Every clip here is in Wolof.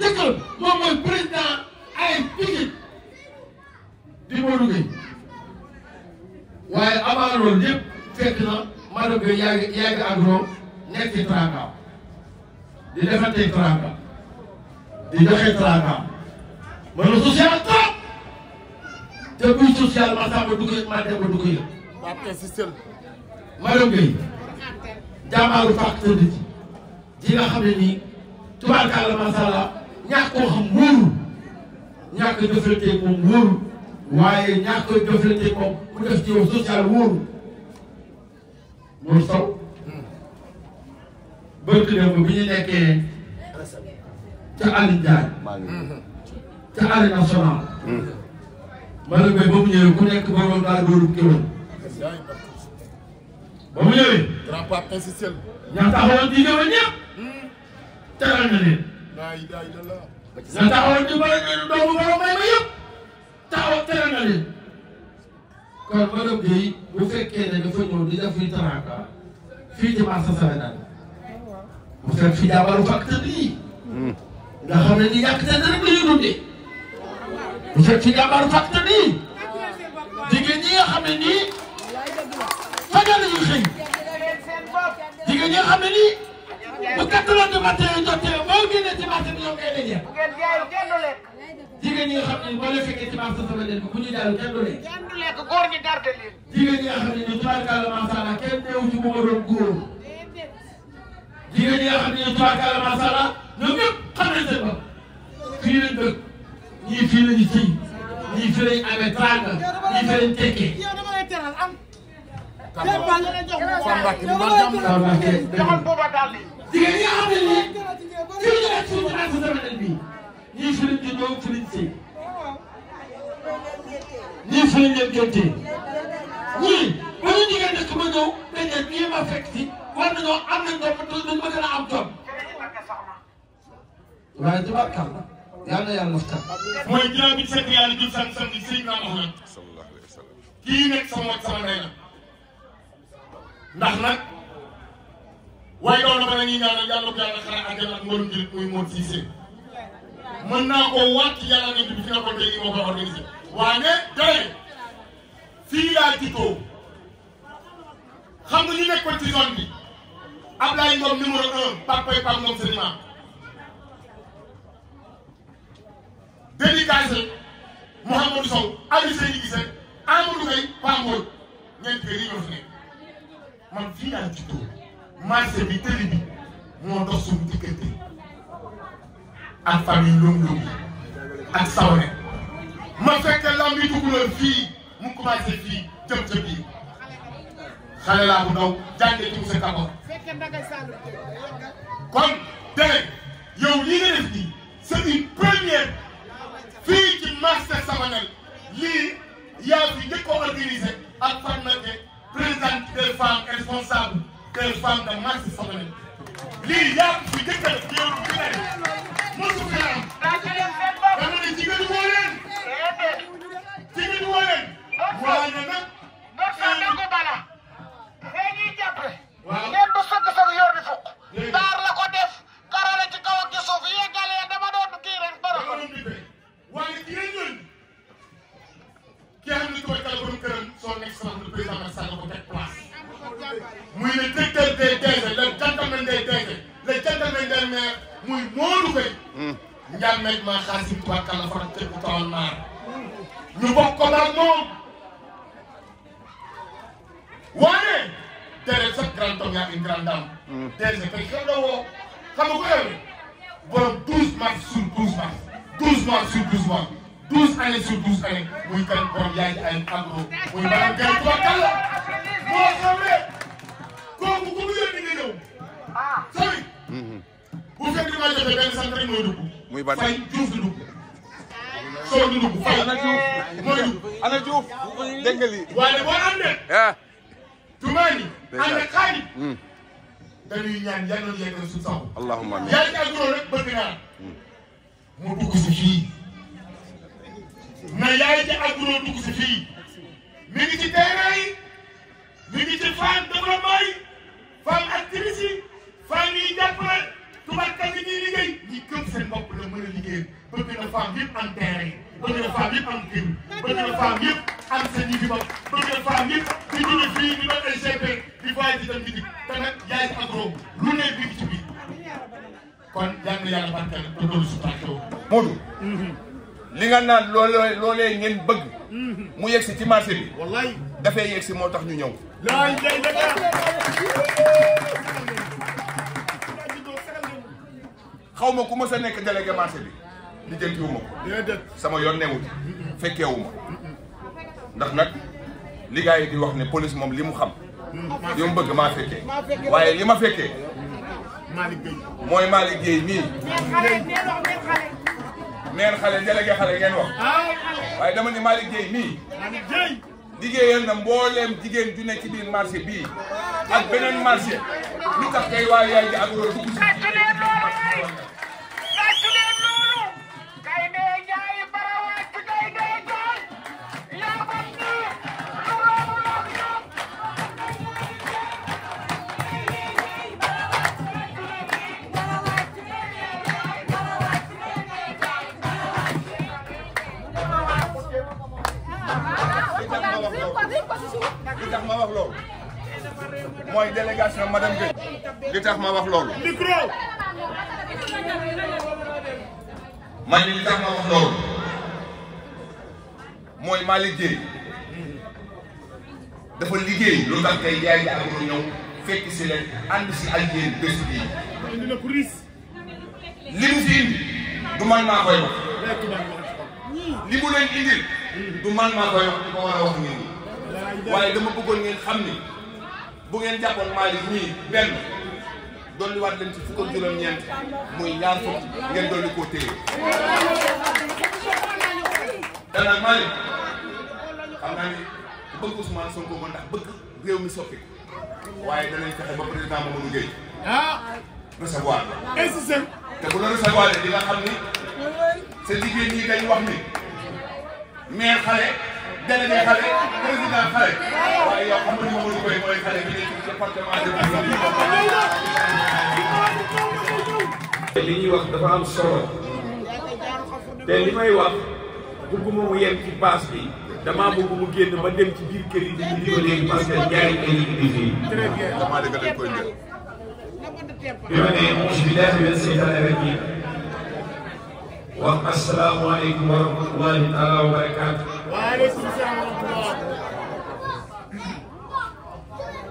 ne moom mooy président ay fii di Modou Gueye waaye avant loolu yëpp fekk na Madou Gueye yaa ngi yaa ngi agro nekk ci tracas di defante tracas di joxe tracas mën na social te buy social ma sàmm du ko ma dem ba du ko yëg. Madou Gueye jàmbaaru fàq tëdd ji nga xam ne nii. tubaarkàlla macha allah ñàkk koo xam wóorul ñàkk a jëflante moom waaye ñàkk a jëflante moom ku def ci yow social wóorul mooy saw barki démb bi ñu nekkee ca Alioune Ndiaye ca Arène Nationale Malick Mbaye ba mu ñëwee ku nekk borom laa dóoru kiwoon teral na leen. na taxawal ñu bëri ñu doomu borom may ma yëpp taxawal teral na leen. kon madame Guèye bu fekkee ne dafa ñëw di def fii teraanga fii ci marché Sénégal bu fekk fi jàmbaru fàq tëdd yi. Hmm. nga xam ne ñu ñàkk tëdd rek la ñuy dundee. bu fekk fi jàmbaru fàq tëdd yi. jigéen ñi nga xam ne nii. fajar la ñuy xëy. jigéen ñi nga xam ne nii. bu quatre heures du matin jotee boo génnee ci marché bi ñoom ngay dajee. jigéen ñi nga xam ne boo leen fekkee ci marché sama leen ko bu ñu jàll kenn du lekk. góor ñi garde leen. jigéen ñi nga xam ne ñu tubaarkàlla macha allah kenn néew ci bu ma doon góor. jigéen ñi nga xam ne ñu tubaarkàlla macha allah ñoom ñëpp xam nañ seen bopp. fii lañ dëkk ñii fii lañu sëy ñii fii lañ amee tànga ñii fii lañ tekkee. Tamba Tamba kii Mbacar Tamba kii joxal booba daal di. jigéen ñi nga xam ne nii ci lu jëlee suuf naa si semaine bii ñii Serigne di ñëw Serigne si ñii Serigne ngeen jëndee ñii ba ñu jigéen dëkk ba ñëw dañ ne ñii ma fekk si war nañoo am nañ doom dañ ma gën a am doom. waaye ci barkam yal na yàlla muftal. mooy juróomi seet yàlla jur sant sant Seydina Muhammad kii nekk sama sama ndey la. ndax nag waaye daw na ma la ñuy ñaanal yàlla ko yàlla xara àjjana ak ngoon ngir muy moon siisee mën naa ko waat ci yàlla nit bi fi na ko tey moo koy organisé waa ne tey fii laa jikkoo xam nga ñu nekkoon ci zone bi Ablaye Ngom numéro un papay pap Ngom sëñ maam dédicacé Mouhamadou Sow Aliou Seydi Guissé Amadou Faye Pape Mboy ñeent kër yi fi nekk man fii laa juddoo marché bi tëri bi moo dox suñu diggante ak famille lóom-lóom yi ak sawre ma fekk lamb bi dugg na mu commencé fii jëm ca biir xale laa bu ndaw jàngee ci kon dégg yow lii nga def nii c'est une première fii ci marché lii yaa fi njëkk ko organisé ak fan présidente des femmes responsable des femmes de marché soxna lii yaa ngi fi njëkk a def yow du gën a def mosu fi am. dama ne jigéen ñi woo leen. jigéen ñi woo leen. waaye nag. Diouf di dugg soo di dugg fay mooy dugg ana Diouf dégg nga lii waaye boo àndee ah. tumaani ànd ak xaani hmm. dañuy ñaan yàlla na yeggal suñu saxu allahumma amiin yàlla ak hmm. yaay ci agro dugg si fii mi ngi ci terrain mi ngi ci femme développement yi femme activiste yi femme yi jàppale tubarkal li ñuy liggéey ñi gëm seen bopp la mën a liggéey bëgg na femme yëpp am terrain yëpp bëgg na femme yëpp am seen yi bëgg na femme yëpp di jóge fii ñu doon ay GP di voyage di dem di dikk te nag yaay agro lu ne bi ci biir kon yal na yàlla barkeel te loolu su tàkkeewul. Modou. Mhm. li nga naan loolee loolee ngeen bëgg. Mhm. mu yegg si ci marché bi. wallaay dafay yegg si moo tax ñu ñëw. ma ku ma sa nekk délégué marché bi li jëntiwu ko sama yoon newut fekkeewu ma ndax nag li di wax ne police moom li mu xam li mu bëgg maa fekkee waaye li ma fekkee mooy Malick Gueye nii neen xale délégué xale ngeen wax waaye dama ni Malick Gueye nii liggéeyal na mbooleem jigéen ju ne ci biir marché bii ak beneen marché lu tax kay waa yaay ji ak loolu dugg si li tax ma wax loolu mooy délégation madame Gueye ma wax loolu. micro. tax ma wax loolu mooy maa liggéey dafa liggéey lu tax tey yaay yi ak ñëw fekk si leen ànd si ak yéen bés bii. li mu du man maa koy wax. leen indil du man maa koy wax di war a wax nit waaye dama bëggoon ngeen xam ni ngeen jàppoon Malick nii benn dolliwaat leen ci fukk ak juróom-ñeent muy ñaar fukk ngeen dolli koo téye. danaa Malick xam naa ni bëgg Ousmane Sonko ko ndax bëgg soppi ko waaye danañ fexe ba président Mamadou Gueye ah! recevoir la. te bu la recevoir di nga xam ni sa jigéen ñi dañ wax ni maire délégué xale président xale waaye yow Amadou Mamadou Boye mooy xale bi nekk ci département de li ñuy wax dafa am solo te li may wax bëgguma mu yem ci baas bi damaa bëgg mu génn ba dem ci biir kër yi ñu di ko léegi parce que ñaari kër yi di fii. très bien damaa dëgg lañ koy jël. bi ma nee mos bi leer bi seytaane rek yi wax asalaamaaleykum wa rahmatullahi taala wa barakaatu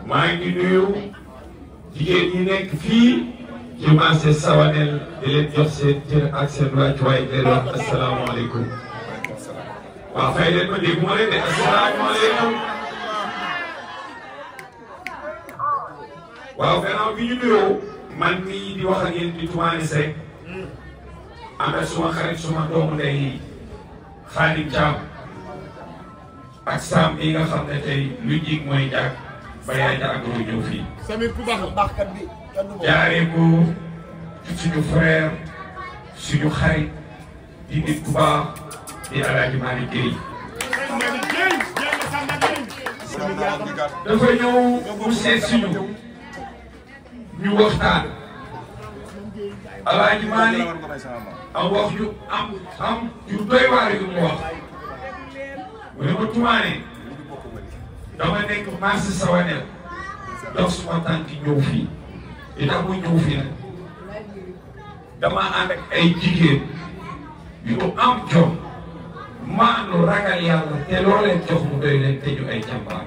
maa ngi nuyu jigéen ñi nekk fii ci marché Sawanel di leen jox seen cër ak seen wàccuwaay di leen wax asalaamaaleykum waaw fay leen ko dégg moo leen de asalaamaaleykum waaw gannaaw bi ñu nuyoo man mii di wax ak yéen di Toumani Seck ànd ak suma xarit suma doomu ndey yi Khadim Thiam ak saam yi nga xam ne tey lu jig mooy jàkk ba yaay ak agro fii jaaree ko suñu frère suñu xarit di nit ku baax di Alaaji Malick Gueye dafa ñëw mu seet ñu waxtaan Alaaji Malick am wax ñu am am yu waar yu mu wax mu ne ma tumaane dama nekk marché Sawanel dox suma tànk ñëw fii li tax muy ñëw dama ànd ak jigéen yu am jom maanu ragal yàlla te loo leen mu doy leen te ñu ay jàmbaar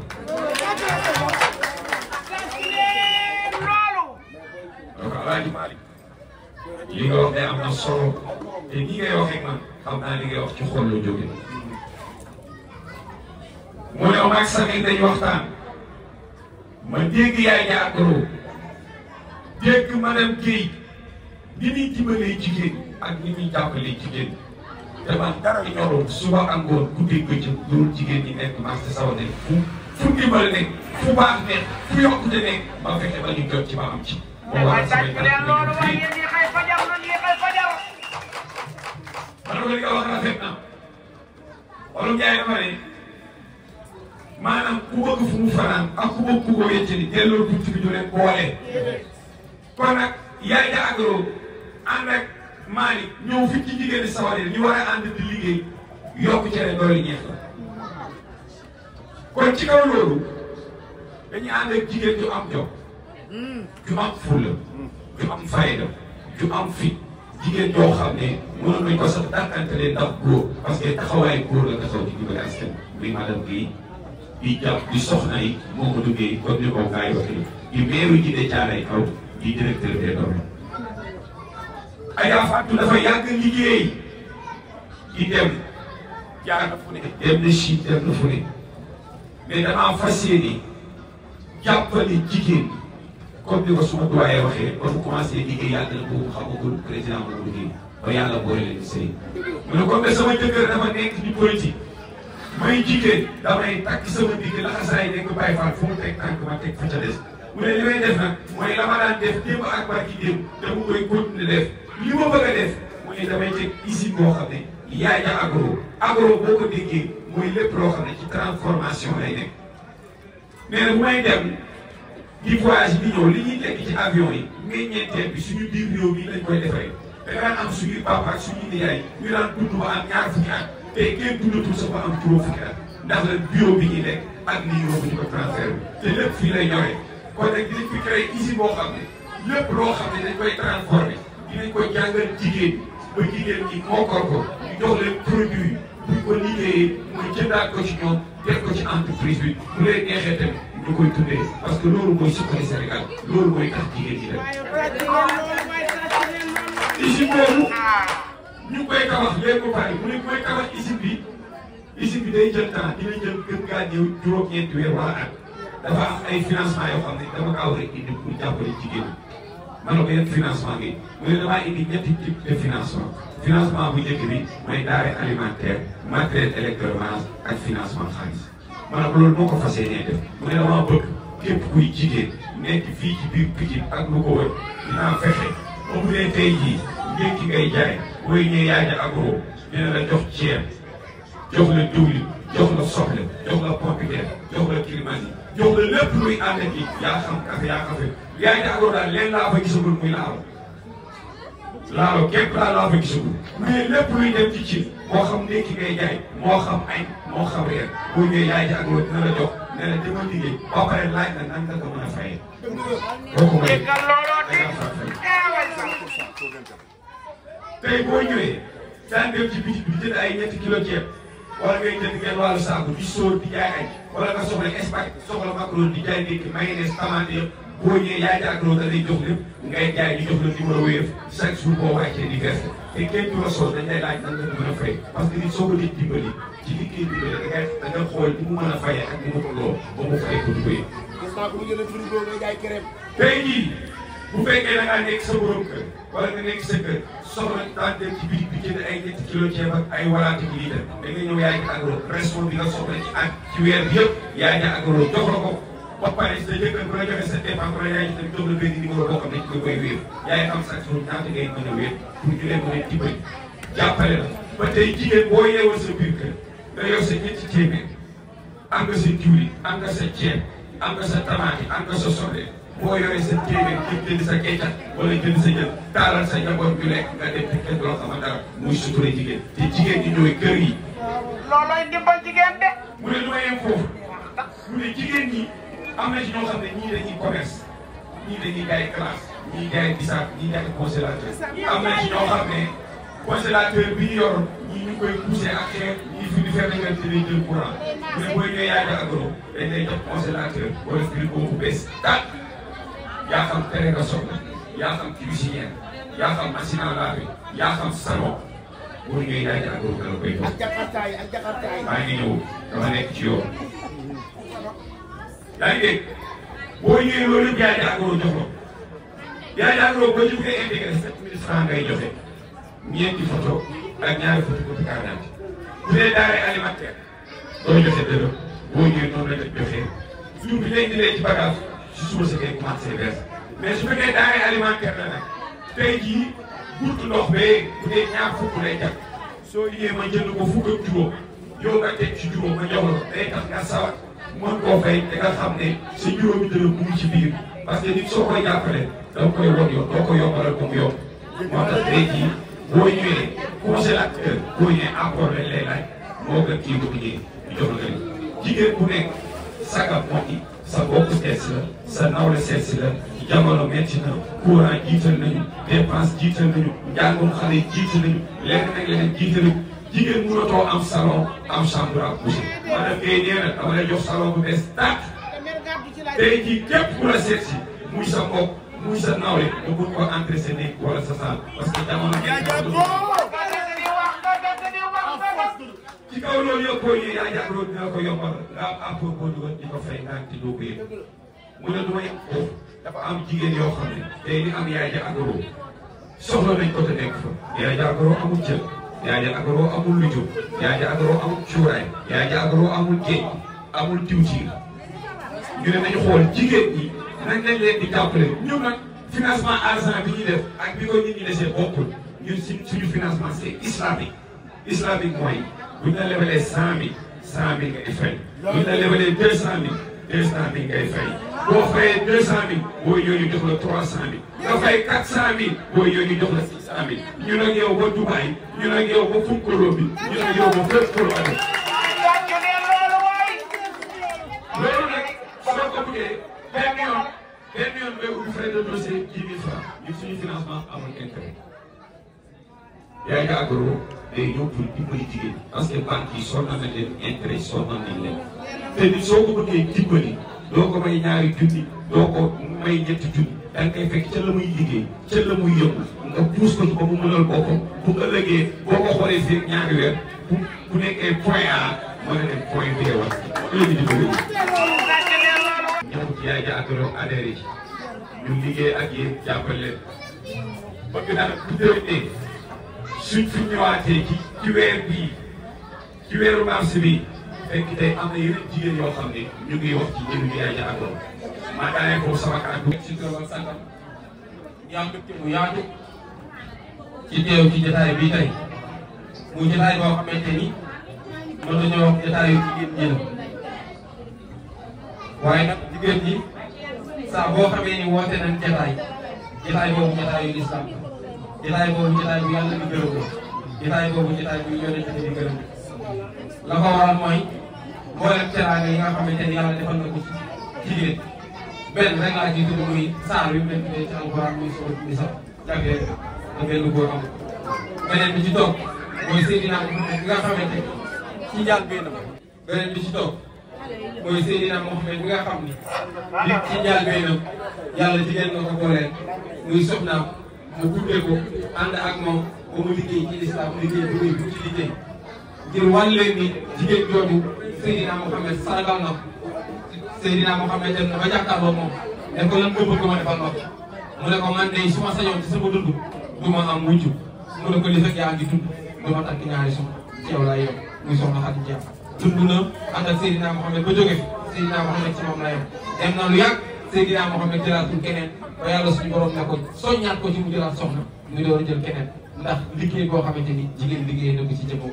donc alaaji Malick li nga wax ne am na solo te ni ngay waxee man xam naa li ngay wax ci mu ne maag Samin dañu waxtaan ma dégg yaay jaagoro dégg madame Guèye ni muy dimbalee jigéen ak ni muy jàppalee jigéen dama dara ñoroon suba ak ngoon guddeeg bëccëg dóor jigéen ñi nekk marché Sawate fu fu ndimbal ne fu baax ne fu yokkute ne ma fexe ba ñu jot ci ma am ci. moo waral samay kanam ñu man loolu nga wax rafet na. Olof Ndiaye dama ne. maanaam ku bëgg fu mu fanaan ak ku bëgg ku ko wéccali delloo bunt bi du leen boole. kon nag yaay da agro ànd ak Malick ñëw fi ci jigéen sawari ñu war a ànd di liggéey yokk cere doole ñeex la kon ci kaw loolu dañuy ànd ak jigéen ju am jom ju am fulla ju am fayda ju am fit jigéen joo xam ne mënoon nañ ko sax dàkkante leen ndax góor parce que taxawaay góor la taxaw ci jubale askan muy madame Guèye di jàpp i soxna yi moo ko duggee comme ni ko Ngaye waxee di meeru ji de caalay kaw di directeur des domaines. Aja Fatou dafa yàgg liggéey di dem jaar na fu ne dem na Chine dem na fu ne mais damaa fas yéene jàppale jigéen comme ni ko suma doyee waxee ba mu commencé liggéey yàgg na boobu xamagul président moomu liggéey ba yàlla boole leen sëy mu ne comme sama jëkkër dafa nekk di politique. may jiite damay takk sama digg laxasaay nekk bàyyi faal fu mu teg tànk ma teg fa ca des mu ne li may def nag mooy la ma daan def démb ak barki démb dama koy continuer def li ma bëgg a def mooy damay teg usine boo xam ne yaaja agro agro boo ko déggee mooy lépp loo xam ci transformation lay nekk mais nag may dem di voyage bi ñëw li ñuy tekki ci avion yi meññeenteel bi suñu biir réew mi lañ koy defaree da nga am suñuy papa ak suñuy nijaay ñu daan dund ba am tey kenn dundatul sa ba am juróom fukki at ndax la bureau bi ñuy nekk ak lii yóbbu ñu ko transfert bi te lépp fii lay ñoree kon nag dinañ fi créé usine boo xam ne loo xam ne dañ koy transformé dinañ ko jàngal jigéen ba jigéen ñi mokkal ko ñu jox leen produit buñ ko liggéeyee mooy jëndaat ko ci ñoom def ko ci entreprise bi bu leen neexee tamit ñu koy tuddee parce que loolu mooy sukkali Sénégal loolu mooy tax jigéen ñi dem usine boobu ñu koy tabax léegi ba pare mu ne koy tabax usine bi usine bi day jël temps dina jël gën gaa néew juróom-ñeenti weer wala at dafa ay financement yoo xam ne dama a indi pour jàppale jigéen ñi ma ne ko yan financement mu ne damaa indi ñetti type de financement financement bu ma ne ko loolu ko fas def mu ne damaa bëgg képp kuy jigéen nekk fii ci biir Pikine ak lu ko wër dinaa fexe ba mu ne tey jii njëkk ngay jaay. booy ñëw yaay ne agro dina la jox ceeb jox la diwlin jox la soble jox la pompiteer jox la climatique jox la lépp luy ànd ak yaa xam kafe yaa kafe yaay ne agro daal leen laa fa gisagul muy laalo laalo képp daal laa fa gisagul mais lépp luy dem ci ci moo xam ndékki ngay jaay moo xam añ moo xam reer boo ñëwee yaay ne agro dina la jox ne la demal liggéey ba pare laaj na nan nga ko mën a fayee. boo ko mënee da ngaa faa fay. tey boo ñëwee daan dem ci biti bi jënd ay ñetti kilo ceeb wala ngay jënd genn wàllu saabu di sóor di jaay añ wala nga soxla espagnol soxla macaroni di jaay ndékki mayonnaise tomate yëpp boo ñëwee yaay jàkkaarloo da lay jox lépp ngay jaay di jox la numéro wéef chaque jour boo wàccee di verser te kenn du la soos dañ lay laaj nan a fay parce que nit soo ko nit dimbali nit ki dimbali da ngay da nga xool ni mu mën a fayee ak mu mu fay ko du ko bu fekkee da ngaa nekk sa borom kër wala nga nekk sa kër soxla daan dem ci biir bi jënd ay ñetti kilo ceeb ak ay walaati bi litre da nga nga soxla ci ak ci weer bi yëpp yaa ngi agro jox la ko ba pare sa jëkkër bu la joxee yaa ngi tamit jox la benn numéro boo xam ne ci koy wéer yaay xam sax suñu ñaata ngay mën a wéer pour ñu leen mën a dimbali jàppale la ba tey jigéen boo yeewal sa biir kër nga yor sa ñetti téeméer am nga sa diwlin am nga sa ceeb am nga sa tamaate am nga sa boo yoree sa téeméer ki sa keccat wala jënd sa jël taalal sa njaboot ñu lekk nga dem te kenn loo xama dara muy jigéen te jigéen ñi ñooy kër yi. loolooy dimbal jigéen de. mu ne lu ma yem foofu commerce ñii dañuy jaay classe ñii jaay bisaab ñii jaay congélateur am na ci ñoo xam ne congélateur bi ñu yor ñu koy poussé ak xeer ñii fi di fekk nga jëlee jël courant mu ne booy ñooy yaay agro dañ lay jox congélateur wala frigo yaa xam tere nga soxla yaa xam cuisinière yaa xam machine à laver yaa xam salon pour ñuy daaj ak góor gën a koy jox. maa ngi ñëw dama nekk ci yoon. yaa ngi dégg boo loolu jaay jàngoro jox ko jaay koy intégré sept mille francs ngay joxe ñeenti photo ak ñaari photo ko carte d'identité bu dee daare alimentaire doo joxe dërëm boo ñëwee noonu la joxe jour bi lay indilee ci bagage si suba si ngay commencé verser mais su fekkee denrée alimentaire la nag tey jii gurtu ndox bee bu dee ñaar fukk lay jàpp soo yee ma jënd ko fukk ak juróom yow nga teg ci juróom ma jox la day mën koo fay te xam ne sa juróomi dërëm mu ngi ci biir parce que nit soo koy moo tax tey bu jigéen jox la jigéen bu nekk sagam moo sa mbokk seet si la sa nawle seet si la jamono metti na courant jiital nañu dépense jiital nañu njàngum xale yi jiital nañu leneen ak leneen jiital nañu jigéen mënatoo am salon am chambre à coucher. maanaam kay nee na dama lay jox salon bu bees tàkk tey jii képp ku la muy sa mbokk muy sa nawle nga mun ko entrer sa néeg wala sa saal parce que jamono. ci kaw loolu yóbboo ñu yaa jàppaloo dina ko yombal nga am apport boo dugal di ko fay naan te doo ko yëg mu ne du ma yàq foofu dafa am jigéen yoo xam ne day ni am yaay ja agro soxla nañ ko te nekk fa yaay ja agro amul jël yaay ja agro amul lu jub yaay ja agro amul cuuraay yaay ja agro amul géej amul diwtiir ñu ne nañu xool jigéen ñi nañ lañ leen di jàppale ñun nag financement argent bi ñuy def ak bi ko nit ñi desee bokkul ñun suñu financement c'est islamique islamique mooy bu ñu la lebalee cent mille cent mille ngay fay bu ñu la lebalee deux cent mille deux cent mille ngay fay boo fayee deux cent mille booy yooyu jox la trois cent mille nga fay quatre cent mille booy yooyu jox la six cent mille ñun ak yow ba Dubaï ñun ak yow ba Funkolo bi ñun ak yow ba fépp kolo ade loolu nag soo ko buggee benn yoon benn yoon ngay ubbi frais de dossier dix mille francs ñun suñu financement amul intérêt yaa ngi àgguroo day ñëw pour dimbali jigéen parce que banque yi sonn nañ leen intérêt sonn nañ leen te nit soo ko bëggee dimbali doo ko may ñaari junni doo ko may ñetti junni da nga fekk ca la muy liggéey ca la muy yëngu nga puus ko ci mu mënal boppam bu ëllëgee boo ko xoolee fii ñaari weer bu nekkee point A mën a point B wala léegi yaay ja ak roo adhéré liggéey ak yéen jàppale leen bëgg naa bu déwénee suñ fi ñëwaatee ci ci weer bii ci weeru mars bi fekk tey am na yeneen jigéen yoo xam ne ñu ngi wax ci njëriñ bi ay jaaxal ma daanee ko sama kàddu. si kër ak santam mu yaatu ci teew bi tey muy jotaay boo xamante ni mën nañoo wax jotaayu jigéen ñi la waaye nag jigéen ñi saa boo xamee ni woote nañ jotaay jotaay boobu jotaayu lislaam jotaay boobu jotaay bu yàlla di gërëm la jotaay boobu jotaay bu yonent bi di gërëm la ko waral mooy mboolem teraanga yi nga xamante ni yàlla defal na ko ci jigéen benn rek laa jiitu muy saar yu mel ni ci alxuraan muy sóorat Nisaa jagleel da benn góor am beneen bi ci toog mooy Seydina Muhammad bi nga xamante ci njaal benn beneen bi ci toog mooy Seydina Muhammad bi nga xam ni nit ci njaal benn yàlla jigéen nga ko booleel muy soxnaam mu guddee ko ànd ak moom ba mu liggéey ci lislaam liggéey bu muy bu ci liggéey ngir wan leen ni jigéen jooju Seydina Mohamed sargal na Seydina Mohamed dem na ba jàkkaarloo moom ne ko lan nga bëgg ma defal ndox mu ne ko man de su ma sañoon ci sama dund du ma am wujj mu ne ko li fekk yaa ngi dund du ma takk ñaari soxna ci yow laay yem muy soxna Xadi Jeex dund na ànd ak Seydina Mohamed ba jóge fi Seydina Mohamed ci moom la yem dem na lu yàgg Seydina Mohamed jëlaatul keneen ba yàlla suñu borom ne ko soññaat ko ci mu jëlaat soxna muy door a jël keneen ndax liggéey boo xamante ni jigéen liggéey na ko ci jëmm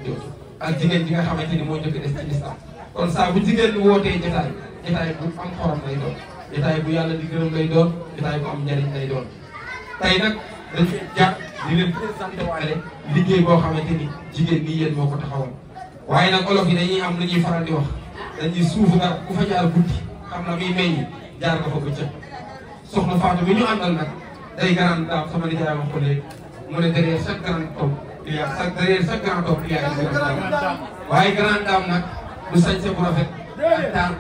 jigéen xamante ni moo njëkk des ci lislam kon saa bu jigéen ñi wootee jotaay jotaay bu am xorom lay doon jotaay bu yàlla di gërëm lay doon jotaay bu am njariñ lay doon tey nag dañ leen jàpp di leen présenté waale liggéey boo xamante ni jigéen nii yéen moo ko taxawal waaye nag olof yi dañuy am lu ñuy faral di wax dañuy suufu dara ku fa jaar guddi xam na muy meññ jaar nga fa ba cëpp soxna Fatou mi ñu àndal nag day ko léegi mu ne derrière chaque grande a a bu rafet ak taar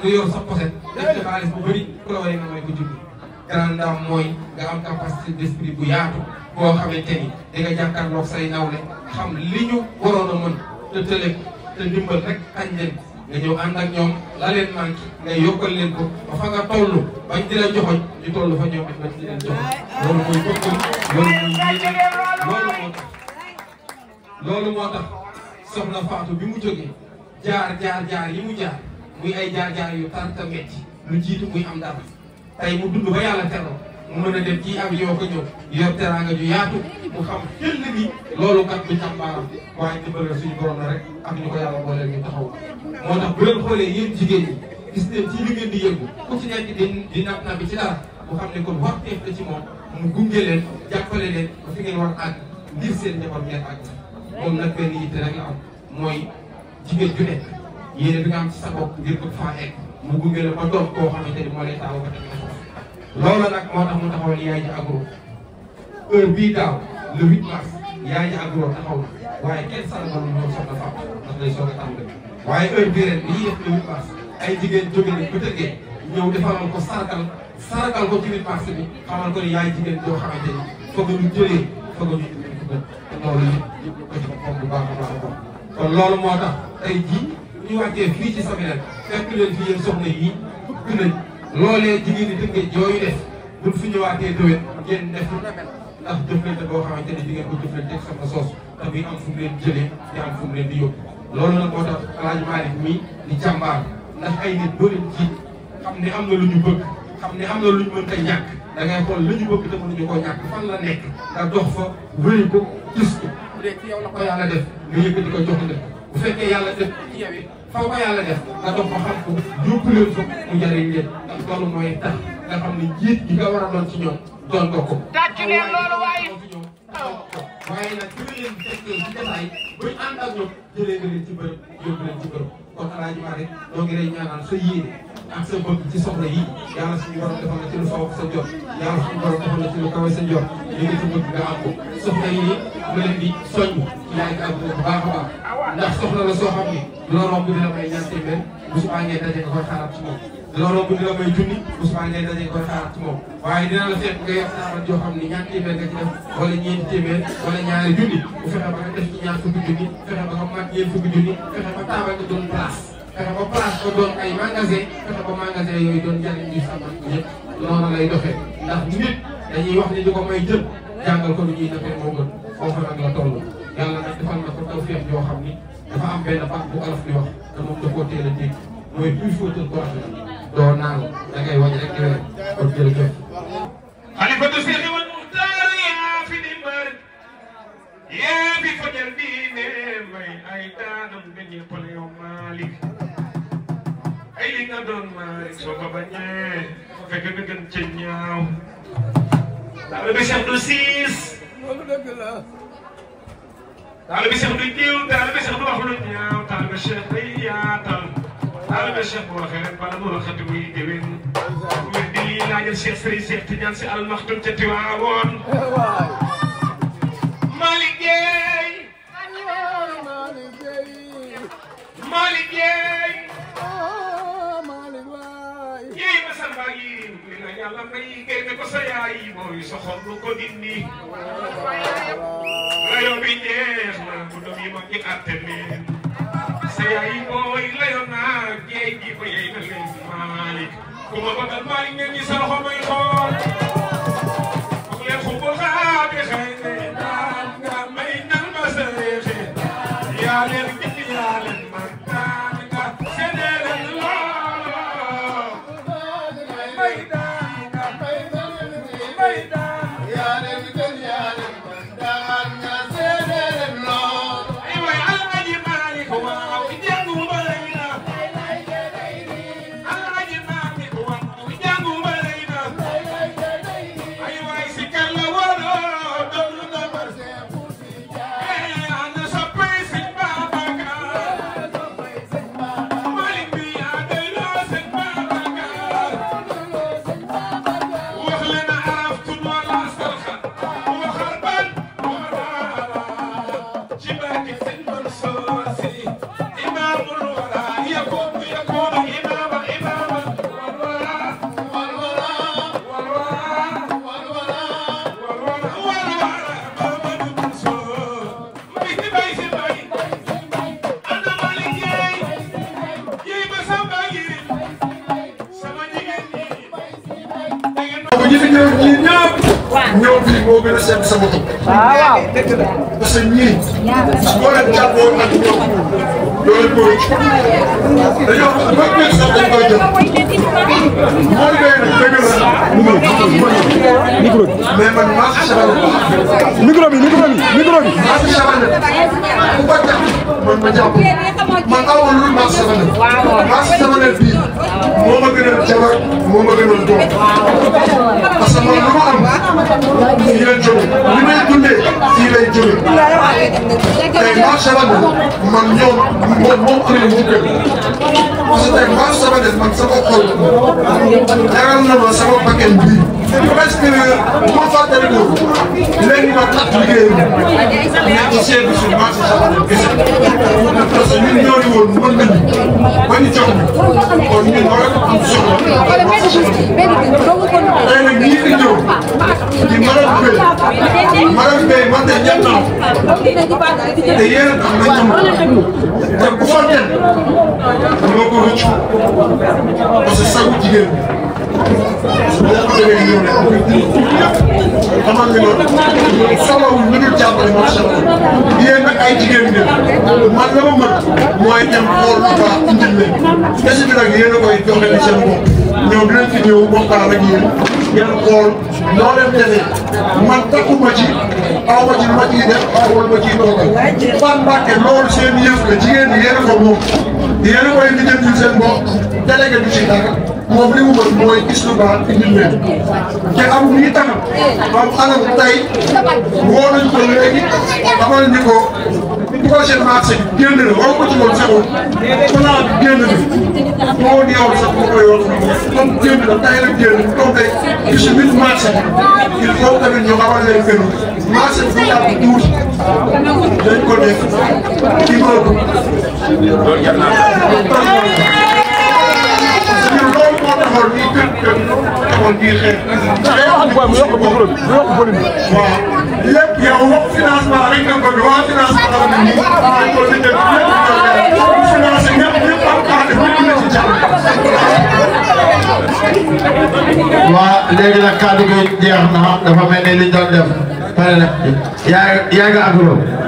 bu a sa poset def ci xaalis bu bëri ku la waree nga may ko junni grande dame mooy nga am capacité d'esprit bu yaatu boo xamante ni di nga jàkkaarloog say nawle xam li ñu waroon a mën te tële te dimbal rek añ leen nga ñëw ànd ak ñoom la leen manqué nga yokkal leen ko ba fa nga toll bañ di la joxoñ ñu toll fa ñoom it bañ di leen joxoñ loolu moo tax loolu moo tax soxna Fatou bi mu jógee jaar jaar jaar yi mu jaar muy ay jaar jaar yu tar te metti lu jiitu muy am dara tey mu dund ba yàlla teroo mu mën a dem ci avion ko ñëw yor teraanga ju yaatu mu xam xel ni loolu kat bi tam waaye ci bëgg suñu borom la rek ak ñu ko yàlla booleel ñu taxaw moo tax bu leen xoolee yéen jigéen ñi ci li di yëngu ku ci nekk di di napp napp ci dara bu xam ne kon waxteef la ci moom mu gunge leen jàppale leen ba fi ngeen war àgg ngir seen njaboot ngeen àgg moom nag benn yitte rek la am mooy jigéen ju nekk yéene bi nga am ci sa bopp ngir bëgg faa egg mu gunge la ba doom koo xamante ni moo lay taaw ba teg loola nag moo tax mu taxawal yaay ji agro heure bii daaw le 8 yaay ji agro taxaw na waaye kenn sànq ba mu soxla faaw ndax day soog a tàmbali waaye heure bii ren dañuy def le ay jigéen jóge nañ ba ñëw defaral ko sargal sargal ko ci 8 mars bi xamal ko ni yaay jigéen joo xamante ni foog ñu jëlee foog ñu jëlee te loolu yëpp ko ci boppam bu baax a baax a baax kon loolu moo tax tey jii ñu wàccee fii ci Samainane fekk leen fi yéen soxna yi dugg loolee jigéen ñi dëkk yooyu def buñ fi ñëwaatee déwén ngeen def ndax jëflante boo xamante ne di ngeen ko jëflante ak sama soos te muy am fu mu leen leen di yóbbu. loolu nag moo tax El Hadj di jàmbaar ndax ay nit am na lu ñu bëgg xam ne am na lu ñu mën a ñàkk da ñu bëgg te mënuñu koo ñàkk fan la nekk nga dox fa ko gis ko bu dee yow la ko yàlla def nga yëkkati ko jox ko bu fekkee yàlla def ci yow faw ko yàlla def nga doon ko xam ko yóbbu leen ko mu jëriñ leen ndax loolu nga xam ne ji gi war a doon ci ñoom doon ko ko. tàcc leen loolu waaye. waaye nag kon alaaji Malick ñoo ngi lay ñaanal sa yéene ak sa bëgg ci soxla yi yàlla suñu borom defal na sa jot yàlla suñu borom defal na ci lu sa jot li nga ci bëgg nga am soxla yi nga leen di soññ yaay nga am bu baax baax ndax soxla la soo xam ne du la romb dina may ñaan téeméer bu subaa ngeen daje nga koy xalaat ci looloo bu ñu la may junni Ousmane ngay daje koy xaar ci waaye dina la fekk nga yor xaaral joo xam ne ñaar téeméer nga ci def wala ñeenti téeméer wala ñaari junni bu fexe ba nga def ci ñaar fukki junni fexe ba nga mat ñeent fukki junni fexe ba taabal nga doon place fexe ba place ko doon ay magasin fexe ba magasin yooyu doon jariñ ñu sàmmal ñëpp noonu lay doxee ndax nit dañuy wax ne di ko may jël jàngal ko lu ñuy na ko tawfeex yoo xam ni dafa moom da koo teel a doo naan da ngay wàññi rek di weer kon jërëjëf. xalifatu seexi wal muxtaar yaa fi di mbar yaa bi fajal diine may ay daanam nga ñëpp la yow Malick ay li nga doon Malick soo ko bañee fekk nga gën ca ñaaw. daal bi Cheikh du siis. daal bi Cheikh du jiw daal bi Cheikh du wax lu ñaaw daal bi Cheikh day yaatal. taalibe Cheikh bu waxee rek bala mu waxati muy déwén wér di lii laajal Cheikh Serigne Cheikh Tidiane si almaxtum ca Tiwaawoon Malick Gueye Malick Gueye yéey ma samba yi li la yàlla may génne ko sa yaay mooy sa xol lu ko dindi rayo bi jeex na bu doom yi ma ngi àtte sayaay mooy layoon naa géej gi ba yey na leen Malick ku ma bëgg Malick ngeen ñi sa loxo may xool ku leen xubul xaar fi ñëw ñii ñëpp ñëw fii moo gën a seetlu sama bopp. waaw waaw parce que ñii boo leen jàppoo ak ñoom doo leen bëgg dañoo xam ba benn sax dañ koy jël moo ngay nag dëgg la micro micro bi. mais man maa si micro bi micro bi micro bi. maa si man ma jàpp man aw lu marché sama nekk. marché sama nekk bii moo ma gënal jabar moo ma gënal doom parce que man lu ma am fii lay jógee li may dundee fii lay jógee tey marché la man ñoom moom moom xëy na gën parce que tey marché sama nekk man sama xol jaral na ma sama paquet bii presque ma fàttali ko léegi mais ci service bi maa ngi si parce que ñun ñoo ne woon mën nañu ba ñu jox kon ñun war a am soxla tey nag ñii di ñëw di maral mbay maral mbay man de jàpp naa ko te yéen a tax ma ñëw te bu fa dem dama ko rëccu parce que sagu jigéen bi yàlla da ngay ñëw rek bu fekkee xamal nga loolu sababu lu dul jàppale moo sababu yéen nag ay jigéen ngeen man la ma mën mooy dem xool bu baax indil leen. est ce que nag yéen a koy ñëw dinañ fi ñëw waxtaan ak yéen ngeen xool noo leen defee ma ci lu ma ciy def ma ciy toogal. Fane Mbacke loolu seen yëf la jigéen ñi yéen a ko moom yéen a koy lijjantil moom li mu mën mooy gis lu baax indil leen te am ñi tam am alal tey woo nañ ko léegi amal ko. projet marché bi génn na waru ko ci woon saxul plan bi génn na moo neewoon sax moo koy woon comme génn na tey la génn donc tey ci biir marché bi il faut tamit ñu xamal leen gën marché bi bu yàgg tuuti dañ ko def kii boobu. loolu yàgg naa loolu moo taxoon ñuy gën gën taxoon ñuy xeex. waaw lépp yow wax financement rek nga ko waa financement la ñu ngi ko li jëm lépp nga leen financé ñëpp ñëpp am xaalis ñëpp la ci jàpp. waa léegi nag kàddu gi jeex na dafa mel ni liñ doon def pare na yaa yaa ngi agro.